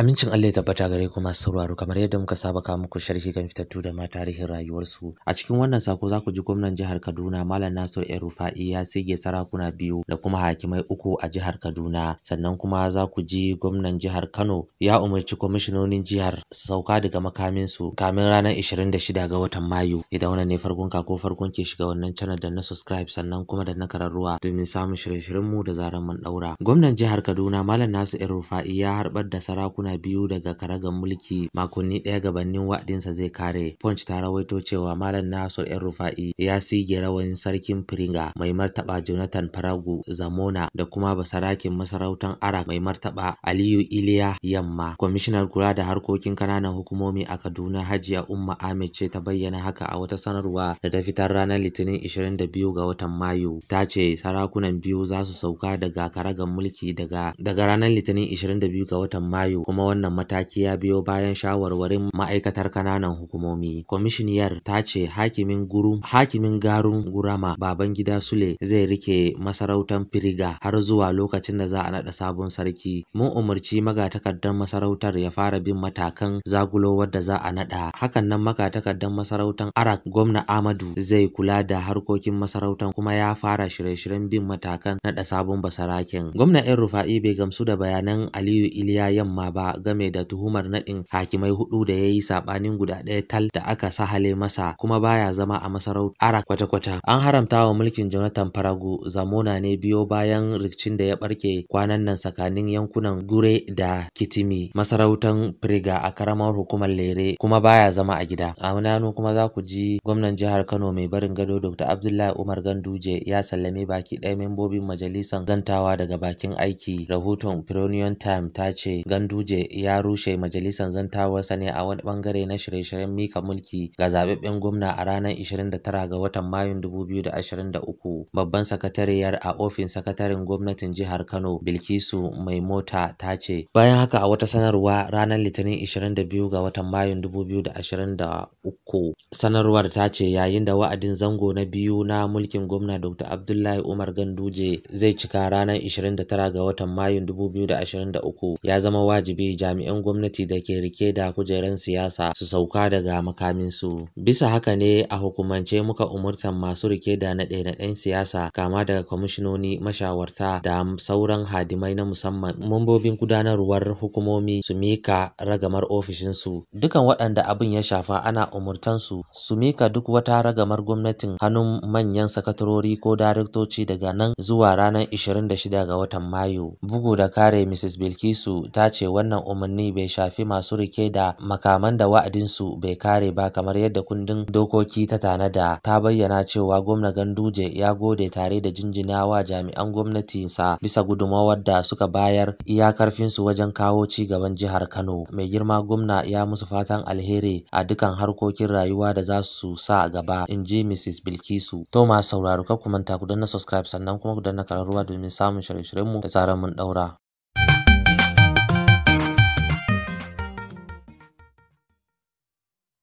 Amincin Allah ya tabbata gare ku masu sauraro kamar yadda muka saba ka muku sharhi kan fitattu da ma tarihin rayuwarsu. A cikin wannan sako za ku ji gwamnan jihar Kaduna Malam Nasir El Rufa'i ya sige sarakuna biyu da kuma hakimai uku a jihar Kaduna. Sannan kuma za ku ji gwamnan jihar Kano ya umarci kwamishinonin jihar sauka daga makamin su kamin ranar 26 ga watan Mayu. Idan wannan ne farkon ka ko farkon ke shiga wannan channel da na subscribe sannan kuma da na kararruwa domin samun shirye-shiryen mu da zaran mun daura. Gwamnan jihar Kaduna Malam Nasir El Rufa'i ya harbar da sarakuna yankuna biyu daga karagar mulki makonni ɗaya gabanin wa'adinsa zai kare. Punch ta rawaito cewa Malam nasur ‘yan Rufa'i ya sige rawayin sarkin Firinga mai martaba Jonathan Faragu Zamona da kuma basarakin masarautar Arak mai martaba Aliyu Iliya Yamma. Kwamishinar kula da harkokin kananan hukumomi a Kaduna Hajiya Umma Ahmed ce ta bayyana haka a wata sanarwa da ta fitar ranar Litinin 22 ga watan Mayu. Ta ce sarakunan biyu za su sauka daga karagar mulki daga ranar Litinin 22 ga watan Mayu kuma wannan mataki ya biyo bayan shawarwarin ma'aikatar kananan hukumomi. Kwamishiniyar ta ce hakimin gurum hakimin garun gurama baban gida Sule zai rike masarautar Firiga har zuwa lokacin da za a naɗa sabon sarki. Mun umarci magatakardar masarautar ya fara bin matakan zagulo da za a naɗa. Hakan nan magatakardar masarautar Arak gwamna Amadu zai kula da harkokin masarautar kuma ya fara shirye-shiryen bin matakan naɗa sabon basaraken. Gwamna 'yan Rufa'i bai gamsu da bayanan Aliyu Iliya Yamma ba ba game da tuhumar naɗin hakimai hudu da ya yi saɓanin guda ɗaya tal da aka sahale masa kuma baya zama a masarautar kwata-kwata. An haramta wa mulkin Jonathan Farago zamona ne biyo bayan rikicin da ya ɓarke kwanan nan tsakanin yankunan Gure da Kitimi masarautan Firiga a karamar hukumar Lere kuma baya zama a gida. A nanu kuma za ku ji gwamnan jihar Kano mai barin gado Dr. Abdullahi Umar Ganduje ya sallame baki ɗaya membobin majalisar gantawa daga bakin aiki. Rahoton Pironion Time ta ce Ganduje Ganduje ya rushe majalisar zantawarsa ne a wani bangare na shirye-shiryen mika mulki ga zababben gwamna a ranar 29 ga watan Mayun 2023. Babban sakatariyar a ofin Sakatarin gwamnatin jihar Kano Bilkisu mai mota ta ce. Bayan haka a wata sanarwa ranar Litinin 22 ga watan Mayun 2023 sanarwar ta ce yayin da wa'adin zango na biyu na mulkin gwamna Dr. Abdullahi Umar Ganduje zai cika ranar 29 ga watan Mayun 2023 ya zama wajibi bi jami'an gwamnati da ke rike da kujeran siyasa su sauka daga makaminsu. Bisa haka ne a hukumance muka umurtan masu rike da naɗe-naɗen siyasa kama daga kwamishinoni mashawarta da sauran hadimai na musamman mambobin gudanarwar hukumomi su mika ragamar ofishinsu. Dukan waɗanda abin ya shafa ana umurtansu su mika duk wata ragamar gwamnatin hannun manyan sakatarori ko daraktoci daga nan zuwa ranar 26 ga watan Mayu. Bugu da kare Mrs. Bilkisu ta ce wannan wannan umarni bai shafi masu rike da makaman da wa'adinsu bai kare ba kamar yadda kundin dokoki ta tanada ta bayyana cewa gwamna ganduje ya gode tare da jinjinawa jami'an sa bisa gudumawar da suka bayar iya karfinsu wajen kawo ci gaban jihar kano mai girma gwamna ya musu fatan alheri a dukan harkokin rayuwa da za su sa gaba in ji mrs bilkisu to masu sauraro ku manta ku danna subscribe sannan kuma ku danna kararruwa domin samun shirye-shiryenmu da tsaron mun daura